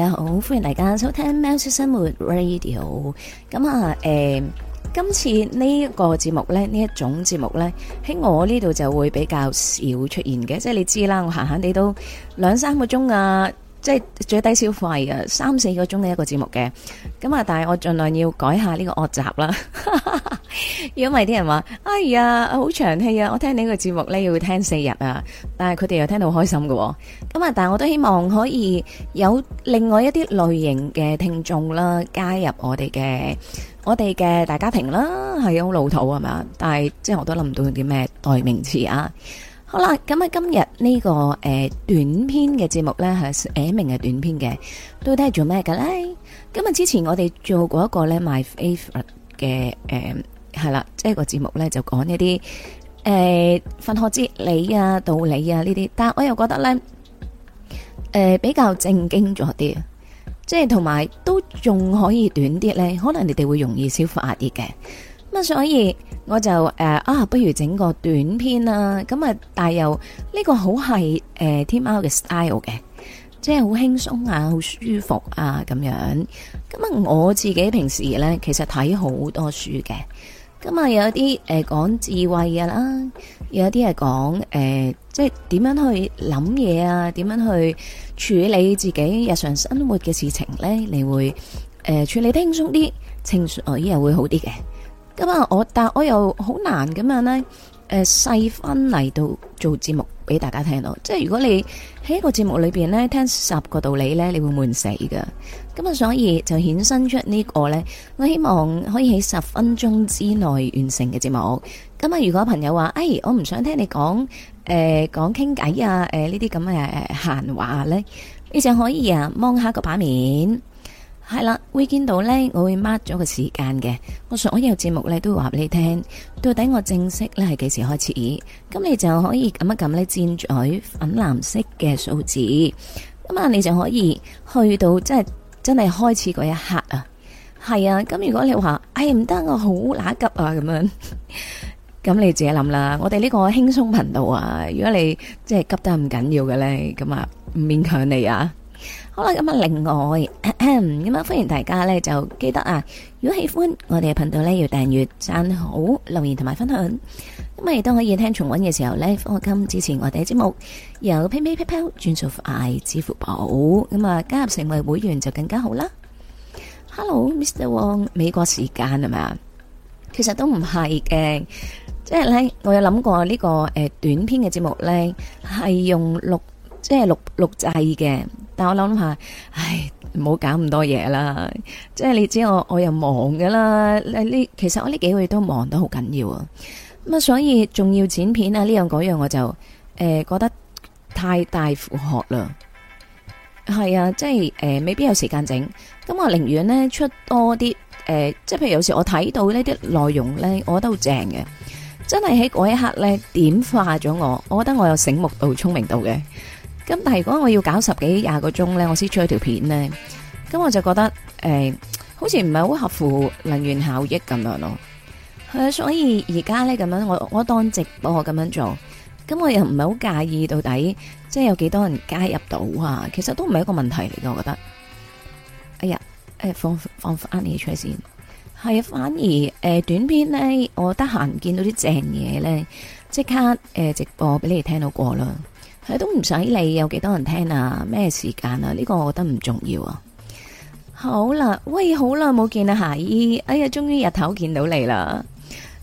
大家好，歡迎大家收聽《喵式生活 Radio》。咁啊，誒，今次呢一個節目呢，呢一種節目呢，喺我呢度就會比較少出現嘅。即係你知啦，我閒閒地都兩三個鐘啊。即係最低消費嘅，三四個鐘嘅一個節目嘅，咁啊！但係我盡量要改下呢個惡習啦，因為啲人話：哎呀，好長氣啊！我聽呢個節目呢要聽四日啊，但係佢哋又聽到好開心嘅。咁啊！但係我都希望可以有另外一啲類型嘅聽眾啦，加入我哋嘅我哋嘅大家庭啦，係好老土係咪啊？但係即係我都諗唔到佢叫咩代名詞啊！好啦，咁啊、這個呃，今日呢個誒短篇嘅節目咧，係誒明嘅短篇嘅，到底係做咩嘅咧？今日之前我哋做過一個咧 My Faith 嘅誒係啦，即係個節目咧就講一啲誒佛學之理啊道理啊呢啲，但係我又覺得咧誒、呃、比較正經咗啲，即係同埋都仲可以短啲咧，可能你哋會容易消化啲嘅。咁所以我就誒啊，不如整個短篇啦。咁啊，但又呢、這個好係誒天喵嘅 style 嘅，即係好輕鬆啊，好舒服啊，咁樣。咁、嗯、啊，我自己平時呢，其實睇好多書嘅。咁、嗯、啊，有啲誒講智慧呀，啦，有啲係講誒，即係點樣去諗嘢啊，點樣去處理自己日常生活嘅事情呢。你會誒、呃、處理得輕鬆啲，情緒又會好啲嘅。咁、嗯、啊，我但我又好難咁樣呢，誒、呃，細分嚟到做節目俾大家聽咯。即係如果你喺一個節目裏邊呢，聽十個道理呢，你會悶死噶。咁、嗯、啊，所以就衍生出呢個呢，我希望可以喺十分鐘之內完成嘅節目。咁、嗯、啊、嗯，如果朋友話，哎，我唔想聽你講，誒、呃，講傾偈啊，誒、呃，呢啲咁嘅誒閒話呢，你就可以啊，望下個版面。係啦，會見到呢，我會 mark 咗個時間嘅。我所有呢節目呢都會話俾你聽，到底我正式呢係幾時開始？咁你就可以咁一撳呢占嘴粉藍色嘅數字。咁啊，你就可以去到真係真係開始嗰一刻啊。係啊，咁如果你話哎唔得，我好乸急啊咁樣，咁 你自己諗啦。我哋呢個輕鬆頻道啊，如果你即係急得唔緊要嘅呢，咁啊唔勉強你啊。好啦，咁啊，另外咁啊，歡迎大家咧就記得啊，如果喜歡我哋嘅頻道咧，要訂閱、讚好、留言同埋分享。咁啊，亦都可以聽重溫嘅時候咧，幫我金支持我哋嘅節目。由 PayPayPayPay 轉數快支付寶。咁啊，加入成為會員就更加好啦。Hello，Mr. Wong，美國時間係咪啊？其實都唔係嘅，即係咧，我有諗過、這個呃、呢個誒短篇嘅節目咧，係用錄即係錄錄製嘅。但我諗下，唉，唔好搞咁多嘢啦。即係你知我，我又忙噶啦。呢其實我呢幾個月都忙得好緊要啊。咁啊，所以仲要剪片啊，呢樣嗰樣我就誒、呃、覺得太大負荷啦。係啊，即係誒、呃，未必有時間整。咁我寧願呢出多啲誒、呃，即係譬如有時我睇到呢啲內容呢，我覺得好正嘅。真係喺嗰一刻呢點化咗我，我覺得我又醒目到聰明到嘅。咁但係如果我要搞十幾廿個鐘咧，我先出一條片咧，咁我就覺得誒、欸，好似唔係好合乎能源效益咁樣咯。係、嗯、啊，所以而家咧咁樣，我我當直播咁樣做，咁、嗯、我又唔係好介意到底即係有幾多人加入到啊，其實都唔係一個問題嚟嘅，我覺得。哎呀，誒、欸、放放翻你出來先，係啊，反而誒、欸、短片咧，我得閒見到啲正嘢咧，即刻誒、欸、直播俾你哋聽到過啦。係都唔使理，有幾多人聽啊？咩時間啊？呢、這個我覺得唔重要啊。好啦，喂，好耐，冇見啊霞姨！哎呀，終於日頭見到你啦。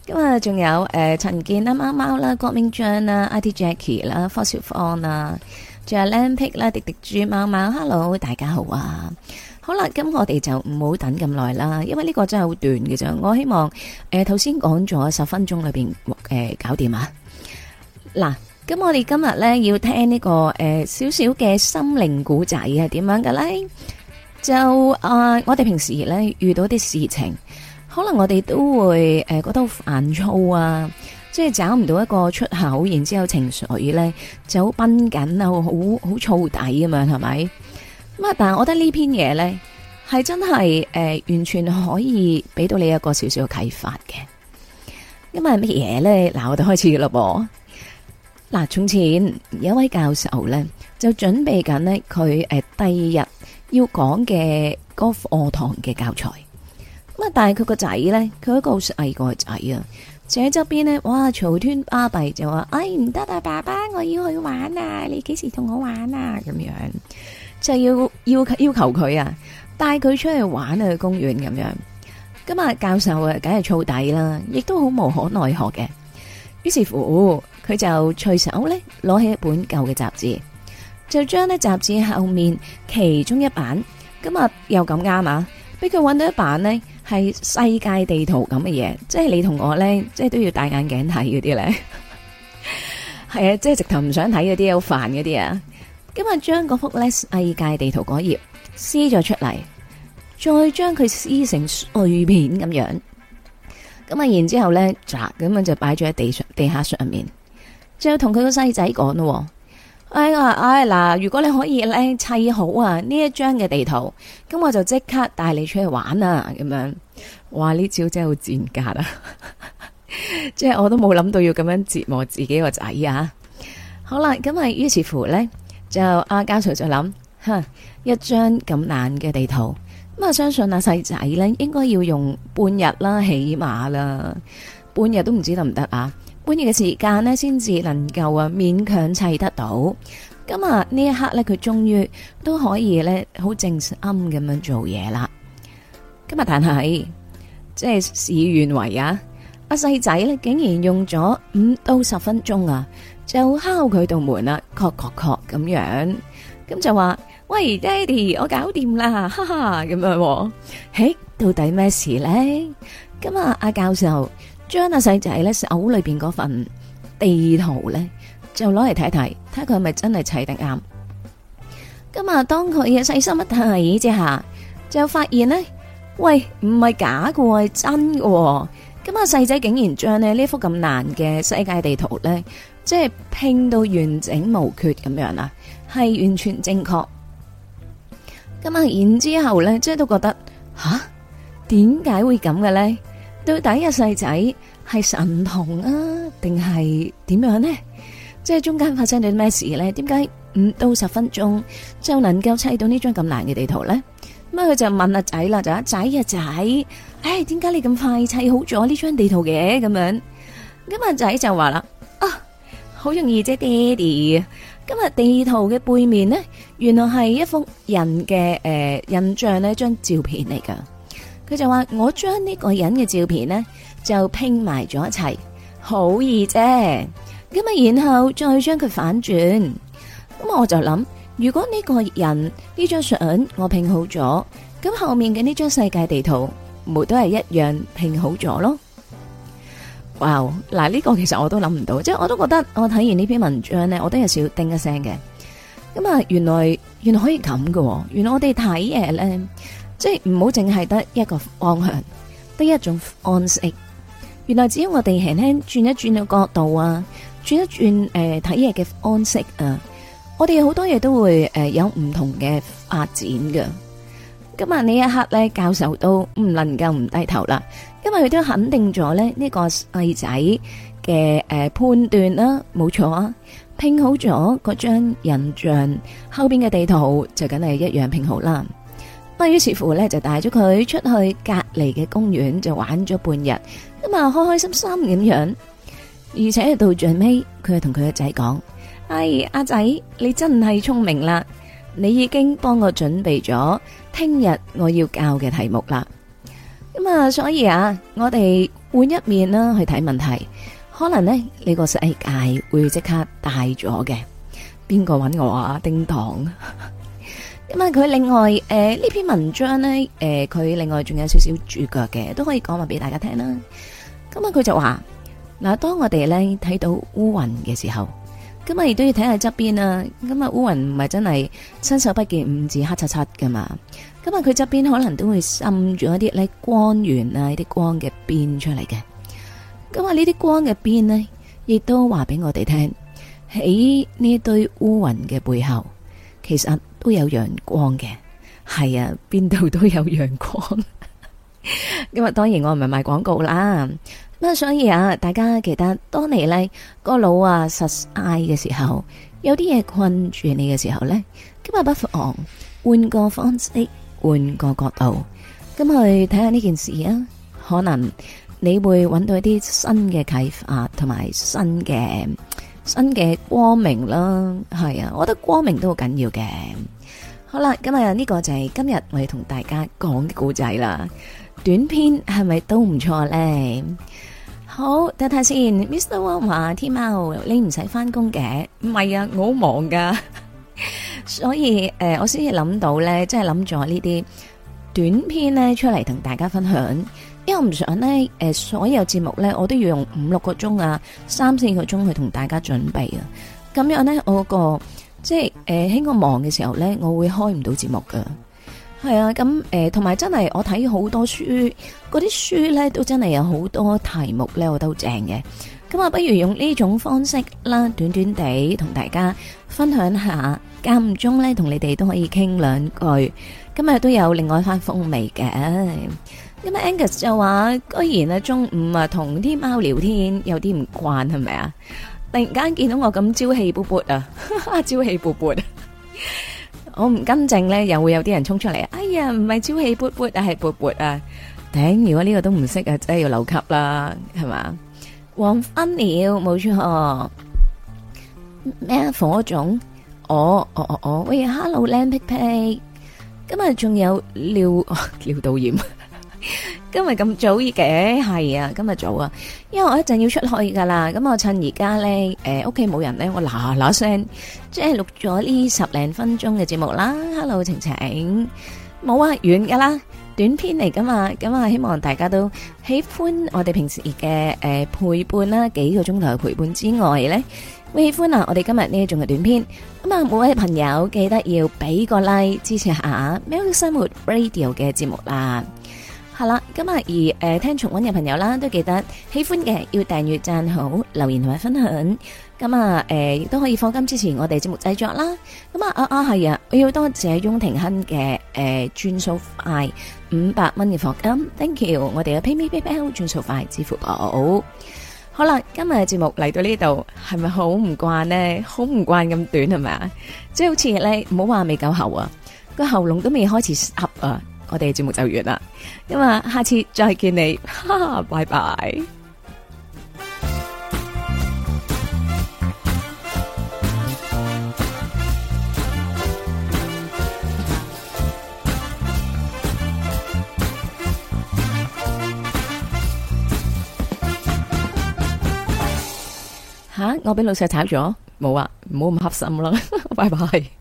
咁啊，仲有誒陳健啦、貓貓啦、郭明章啦、阿 D Jackie 啦、啊、方少芳啦，仲、啊、有 Lam Pic 啦、啊、迪迪豬、貓貓，hello，大家好啊。好啦，咁我哋就唔好等咁耐啦，因為呢個真係好短嘅啫。我希望誒頭先講咗十分鐘裏邊誒、呃、搞掂啊。嗱。咁我哋今日咧要聽、這個呃、小小呢個誒少少嘅心靈故仔係點樣嘅咧？就誒、呃，我哋平時咧遇到啲事情，可能我哋都會誒、呃、覺得煩躁啊，即係找唔到一個出口，然之後情緒咧就好繃緊啊，好好燥底咁樣，係咪？咁啊，但係我覺得篇呢篇嘢咧係真係誒、呃，完全可以俾到你一個少少嘅啟發嘅。因爲乜嘢咧？嗱，我哋開始啦噃。嗱，從前有一位教授咧,就準備緊呢。佢誒第二日要講嘅嗰課堂嘅教材。咁啊，但係佢個仔咧，佢一個好細個仔啊，就喺側邊咧，哇，嘈天巴閉就話，哎，唔得啊，爸爸，我要去玩啊，你幾時同我玩啊？咁樣就要要要求佢啊，帶佢出去玩啊，去公園咁樣。咁啊，教授啊，梗係燥底啦，亦都好無可奈何嘅。於是乎。佢就隨手咧攞起一本舊嘅雜誌，就將呢雜誌後面其中一版，今日又咁啱啊，俾佢搵到一版呢係世界地圖咁嘅嘢，即係你同我咧，即係都要戴眼鏡睇嗰啲咧，係 啊，即係直頭唔想睇嗰啲好煩嗰啲啊！今日將嗰幅咧世界地圖嗰頁撕咗出嚟，再將佢撕成碎片咁樣，咁啊，然之後咧砸咁樣就擺咗喺地上地下上，上面。就要同佢個細仔講咯，哎呀，我哎嗱，如果你可以咧砌好啊呢一張嘅地圖，咁我就即刻帶你出去玩啊！咁樣，哇呢招真係好賤格啊！ 即係我都冇諗到要咁樣折磨自己個仔啊！好啦，咁啊於是乎呢，就阿家徐就諗，哼，一張咁難嘅地圖，咁啊相信阿細仔呢應該要用半日啦，起碼啦，半日都唔知得唔得啊！半月嘅時間咧，先至能夠啊勉強砌得到。今日呢一刻咧，佢終於都可以咧好正常咁樣做嘢啦。咁啊但係即係事與願違啊！阿細仔咧竟然用咗五到十分鐘啊，就敲佢道門啦，確確確咁樣，咁就話：喂，爹哋，我搞掂啦，哈哈咁樣。嘿、欸，到底咩事呢？咁啊，阿教授。將阿細仔咧手裏邊嗰份地圖咧，就攞嚟睇睇，睇佢係咪真係砌得啱。咁啊，當佢嘅細心一睇之下，就發現呢：「喂，唔係假嘅，係真嘅。」咁啊，阿細仔竟然將呢呢幅咁難嘅世界地圖咧，即係拼到完整無缺咁樣啦，係完全正確。咁啊，然之後咧，即係都覺得吓，點解會咁嘅咧？到底個細仔係神童啊，定係點樣呢？即係中間發生咗咩事咧？點解五到十分鐘就能夠砌到呢張咁難嘅地圖咧？咁啊，佢就問阿仔啦，就阿仔啊仔，唉，點解、哎、你咁快砌好咗呢張地圖嘅？咁樣，咁阿仔就話啦，啊，好容易啫、啊，爹哋，今日地圖嘅背面咧，原來係一幅人嘅誒、呃、印象咧張照片嚟噶。佢就話：我將呢個人嘅照片呢，就拼埋咗一齊，好易啫。咁啊，然後再將佢反轉。咁我就諗，如果呢個人呢張相我拼好咗，咁後面嘅呢張世界地圖冇都係一樣拼好咗咯。哇！嗱，呢個其實我都諗唔到，即係我都覺得我睇完呢篇文章呢，我都有少叮一聲嘅。咁啊，原來原來可以咁噶，原來我哋睇嘢咧。即係唔好淨係得一個方向，得一種方式。原來只要我哋輕輕轉一轉個角度啊，轉一轉誒睇嘢嘅方式啊，我哋好多嘢都會誒、呃、有唔同嘅發展㗎。咁啊，呢一刻咧，教授都唔能夠唔低頭啦，因為佢都肯定咗咧呢個細仔嘅誒判斷啦、啊，冇錯啊，拼好咗嗰張人像，後邊嘅地圖就梗係一樣拼好啦。不於是乎咧，就帶咗佢出去隔籬嘅公園就玩咗半日，咁啊，開開心心咁樣，而且到最尾佢係同佢個仔講：哎阿仔，你真係聰明啦，你已經幫我準備咗聽日我要教嘅題目啦。咁啊，所以啊，我哋換一面啦去睇問題，可能咧呢個世界會即刻大咗嘅。邊個揾我啊？丁糖。咁啊！佢另外誒呢、呃、篇文章咧，誒、呃、佢另外仲有少少主角嘅，都可以講話俾大家聽啦。咁啊，佢就話嗱，當我哋咧睇到烏雲嘅時候，咁啊亦都要睇下側邊啦。咁啊，烏雲唔係真係伸手不見五指黑漆漆噶嘛。咁啊，佢側邊可能都會滲住一啲咧光源啊，啲光嘅邊出嚟嘅。咁啊，呢啲光嘅邊呢，亦都話俾我哋聽喺呢堆烏雲嘅背後，其實。都有陽光嘅，係啊，邊度都有陽光。今 日當然我唔係賣廣告啦，咁啊，所以啊，大家記得，當你呢個腦啊實挨嘅時候，有啲嘢困住你嘅時候呢，今日不妨換個方式，換個角度，咁去睇下呢件事啊，可能你會揾到一啲新嘅啟發，同埋新嘅新嘅光明啦。係啊，我覺得光明都好緊要嘅。好啦，今日呢個就係今日我要同大家講嘅故仔啦，短篇係咪都唔錯咧？好，睇睇先，Mr. Wang 話、啊、天貓， 你唔使翻工嘅？唔係啊，我好忙噶， 所以誒、呃，我先至諗到咧，即係諗咗呢啲短篇咧出嚟同大家分享，因為我唔想咧誒、呃、所有節目咧，我都要用五六個鐘啊，三四個鐘去同大家準備啊，咁樣咧我、個。即係誒，喺、呃、我忙嘅時候呢，我會開唔到節目噶。係啊，咁誒，同、呃、埋真係我睇好多書，嗰啲書呢都真係有好多題目呢，我都正嘅。咁啊，不如用呢種方式啦，短短地同大家分享下，間唔中呢同你哋都可以傾兩句。今日都有另外一番風味嘅，咁啊 Angus 就話，居然咧中午啊同啲貓聊天有，有啲唔慣係咪啊？突然間見到我咁朝氣勃勃啊， 朝氣勃勃， 我唔跟正咧，又會有啲人衝出嚟啊！哎呀，唔係朝氣勃勃啊，係勃勃啊！頂，如果呢個都唔識啊，真係要留級啦，係嘛？黃昏了，冇錯。咩火種？我我我我，喂，Hello 靚 pick 今日仲有廖廖導演。今日咁早嘅，係啊，今日早啊，因為我一陣要出去噶啦，咁我趁而家咧，誒，屋企冇人咧，我嗱嗱聲即係錄咗呢十零分鐘嘅節目啦。Hello 晴晴，冇啊，遠噶啦，短片嚟噶嘛。咁、嗯、啊，希望大家都喜歡我哋平時嘅誒、呃、陪伴啦，幾個鐘頭嘅陪伴之外咧，會喜歡啊！我哋今日呢一種嘅短片，咁、嗯、啊，每位朋友記得要俾個 like 支持下喵式生活 radio 嘅節目啦。係、嗯、啦，今日而誒聽重溫嘅朋友啦，都記得喜歡嘅要訂閱、讚好、留言同埋分享。咁啊誒，亦、嗯、都可以課金支持我哋節目製作啦。咁、嗯、啊啊係啊，我要多謝，謝翁廷亨嘅誒轉數快五百蚊嘅課金，thank you，我哋嘅 PayMe、PayPal 轉數快支付寶。好啦，今日嘅節目嚟到呢度，係咪好唔慣呢？好唔慣咁短係咪？即係好似呢，唔好話未夠喉啊，個喉嚨都未開始合啊。我哋節目就完啦，咁啊，下次再見你，哈哈，拜拜。吓，我俾老細炒咗，冇啊，唔好咁黑心啦，拜拜。